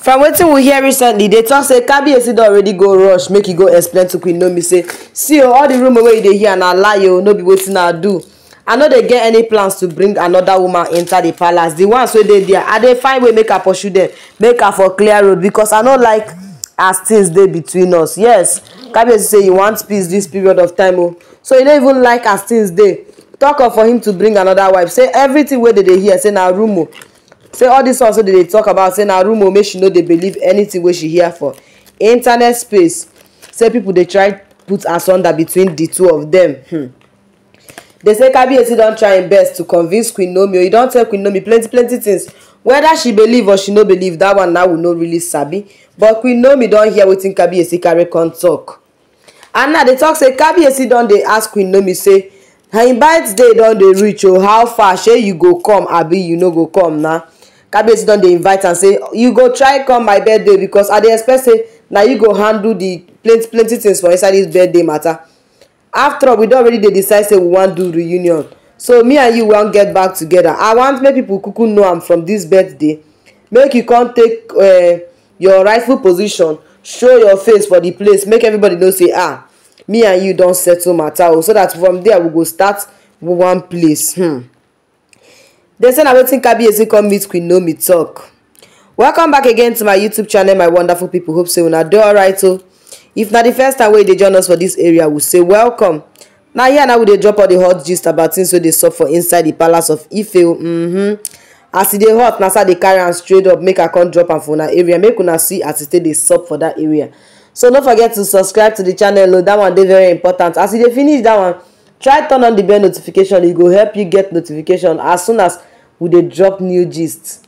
from wetin we hear recently dey talk say kabiyesi don already go rush make e go explain to queen nomi say see o oh, all the rumour wey you dey hear na lie o oh, no be wetin i do i no dey get any plans to bring another woman enta the palace di ones wey dey there i dey find way make i pursue them, make i for clear road because i no like as things dey between us yes kabiyesi say e want peace this period of time oh, so he no even like as things dey Talk of for him to bring another wife say everything wey dey dey hear say na rumour say all dis one so dey talk about say na rumour make she no dey believe anything wey she hear for internet space say people dey try put asunder between the two of them. hmm dey say kabiyesi don try im best to convince queen nomi o he don tell queen nomi plenty plenty things whether she believe or she no believe that one now we no really sabi but queen nomi don hear wetin kabiyesi carry come talk and now they talk say kabiyesi don dey ask queen nomi say her invite day don dey reach o oh, how far shey you go come abi you no go come na kabiyesi don dey invite am say you go try come my birthday because i dey expect say na you go handle the plenty plenty things for inside this birthday matter after all we don already dey decide say we wan do reunion so me and you wan get back together i want make people kuku know am from this birthday make you come take uh, your rightful position show your face for the place make everybody know say ah me and you don settle matter o oh. so that from there we go start one place. Hmm. They say na wetin kabiyesi come meet queen naomi talk welcome back again to my youtube channel my wonderful people hope say una dey alright So, oh. if not the first time wey you join us for this area we say welcome Now here now we drop all the hot gist about tins wey dey suffer inside the palace of ife oh. mm-hmm. as e dey hot na they carry and straight up make i come drop and for that area make una see as they take dey for that area so don't forget to subscribe to the channel o oh. dat one they very important as e dey finish that one try turn on the bell notification It e will help you get notification as soon as we dey drop new gist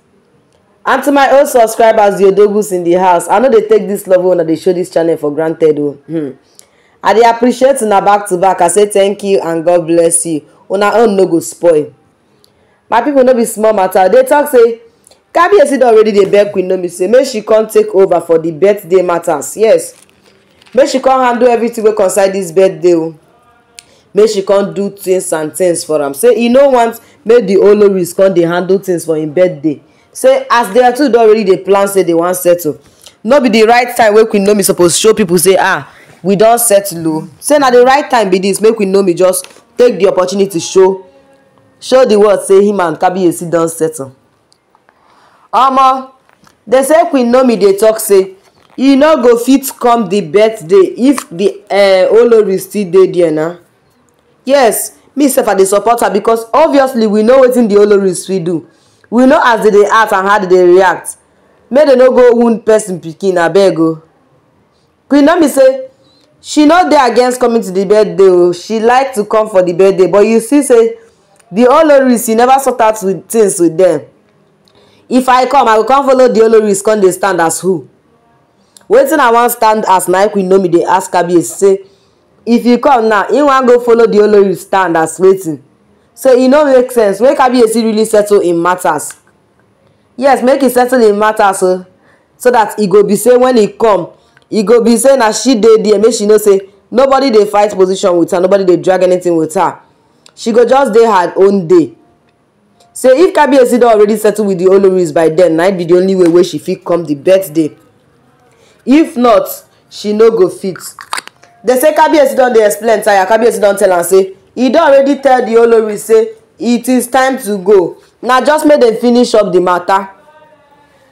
and to my old subscribers the odogus in the house i know they take this love wey they show this channel for granted Oh, hmm. i dey appreciate una back to back i say thank you and god bless you una own no go spoil my people no be small matter They talk say kabiyesi don already dey beg queen nomi say make she come take over for the birthday matters yes make she come handle everything we concern this birthday o oh make she come do things and things for am say e no want make di oloris come dey handle things for im birthday say as dia two don already dey plan say they wan settle no be the right time wey queen nomi suppose show people. say ah we don settle o say na the right time be this. make queen nomi just take the opportunity show show the world say him and kabiyesi don settle omo dey say queen nomi dey talk say e no go fit come di birthday if di uh, olori still dey there na yes me sef i dey support her because obviously we know wetin di oloris fit do we know as dey dey act and how dey dey react make dem no go wound person pikin abeg o queen naomi say she no dey against coming to di birthday o she like to come for di birthday but you see say di oloris you never sort out with things with dem if i come i go come follow di oloris come dey stand as who wetin i wan stand as na queen nomi dey ask kabiyesi say if you come now him wan go follow the olori stand as waiting, so e no make sense make kabiyesi really settle him matters yes make he settle him matters o oh. so that e go be say when e come e go be say na she dey there make she know say nobody dey fight position with her nobody dey drag anything with her she go just dey her own day say so if kabiyesi don already settle with the oloris by then na be the only way wey she fit come the birthday if not she no go fit They say kabiyesi don dey explain tire kabiyesi don tell am say e don already tell the olori say it is time to go na just make dem finish up the matter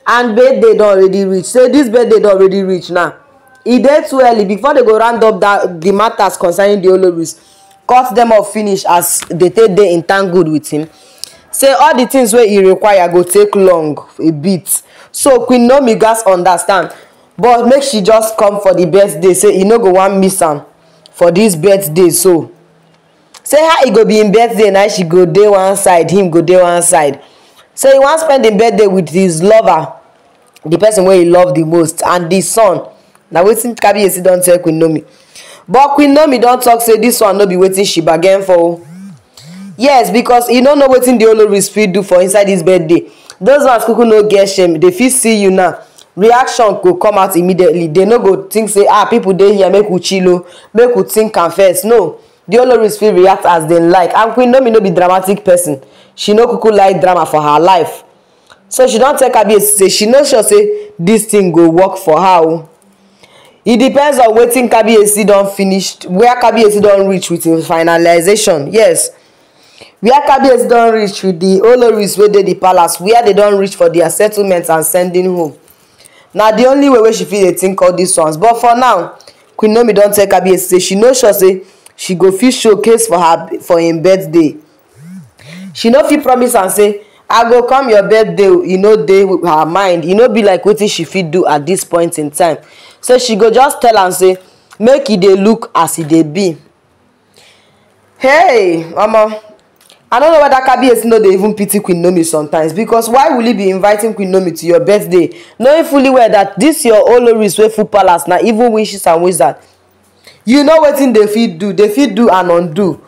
and birthday don already reach say this birthday don already reach now e dey too early before dey go round up that the matters concerning the oloris cut dem off finish as dey take dey entangled with him say all the things wey e require go take long a bit so queen nomi gatz understand but make she just come for the birthday say you e no go wan miss am for this birthday so say how e go be im birthday na she go dey one side him go dey one side say he wan spend im birthday with his lover the person wey he love the most and di son na wetin kabiyesi don tell queen nomi but queen nomi don talk. say this one no be wetin she bargain for o yes becos e no know wetin di olori fit do for inside dis birthday those ones kuku no get shame they fit see you now reaction go come out immediately They no go think say ah people dey here make we chill o oh, make we think am first no di oloris fit react as dem like and queen nomi no be dramatic person she no kuku like drama for her life so she don tell kabiyesi say she no sure say this thing go work for her o oh. e depends on wetin kabiyesi don finish where kabiyesi don reach with im finalization yes where kabiyesi don reach with di oloris wey dey di palace where dey don reach for dia settlement and sending home na the only way wey she fit dey think all dis ones but for now queen nomi don tell kabiyesi say she no sure say she go fit showcase for her for im birthday she no fit promise am say i go come your birthday e no dey her mind e no be like wetin she fit do at this point in time so she go just tell am say make e dey look as e dey be hey omo i don't know whether kabiyesi no dey even pity queen nomi sometimes because why will you be inviting queen nomi to your birthday knowing fully well that this your oloris wey full palace na even wishes and wizards you know wetin dey fit do dey fit do and undo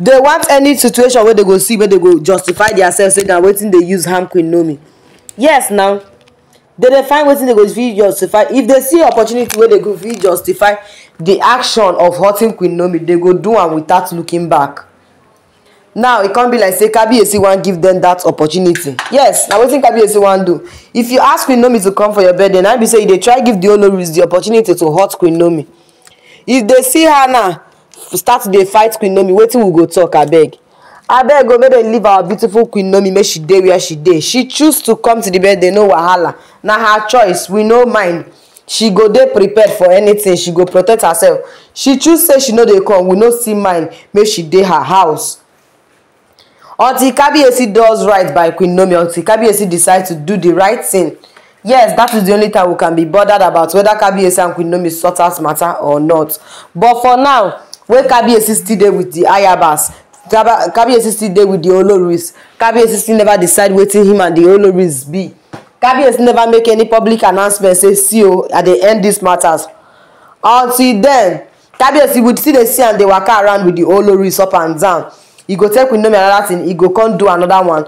They want any situation wey dey go see wey dey go justify theirself say na wetin dey use harm queen nomi yes now dey dey find wetin dey go fit justify if dey see opportunity wey dey go fit justify the action of hurting queen nomi dey go do am without looking back now e come be like say kabiyesi wan give dem dat opportunity yes na wetin kabiyesi wan do if you ask queen nomi to come for your birthday na be say you dey try give the oloris the opportunity to hurt queen nomi if they see her now start dey fight queen nomi wetin we go talk abeg abeg o make dem leave our beautiful queen nomi make she dey where she dey she choose to come to the birthday no wahala na her choice we no mind she go dey prepared for anything she go protect herself she choose say she no dey come we no see mind make she dey her house until kabiyesi does right by queen naomi until kabiyesi decides to do the right thing yes that is the only time we can be bothered about whether kabiyesi and queen naomi sort out matter or not but for now wey kabiyesi still dey with the ayabas kabiyesi still dey with the oloris kabiyesi still never decide wetin him and the oloris be kabiyesi never make any public announcement say see o oh, i dey end this matters until then kabiyesi would still dey see am dey waka around with the oloris up and down e go tell queen nomi another thing e go come do another one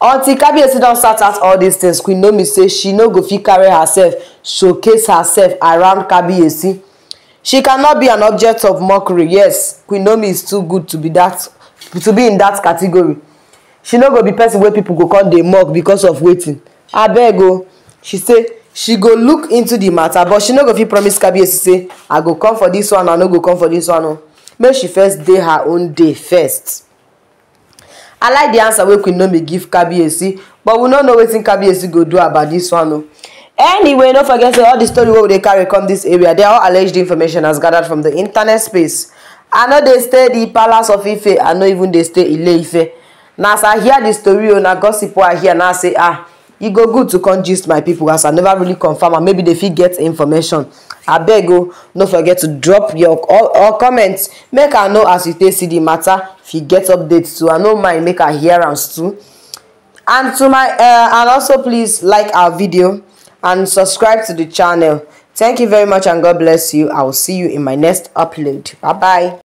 until kabiyesi don start out all these things queen nomi say she no go fit carry herself showcase herself around kabiyesi she cannot be an object of mockery yes queen nomi is too good to be that to be in that category she no go be person wey people go come dey mock because of wetin abeg o she say she go look into the matter but she no go fit promise kabiyesi say i go come for this one i no go come for this one o make she first dey her own day first i like the answer wey queen nomi give kabiyesi but we no know wetin kabiyesi go do about this one o. anyway don't forget all the story wey they carry come this area dey all alleged information as gathered from the internet space i know they stay the palace of ife i know even they stay ile-ife Now, as i hear the story o na gossip i hear na say ah e go good to come my people. as i never really confirm and maybe they fit get information abeg o no forget to drop your or all comment make i know as you take see the matter if you get update too i no mind make i hear am too and to my uh, and also please like our video and subscribe to the channel thank you very much and god bless you i will see you in my next upload bye bye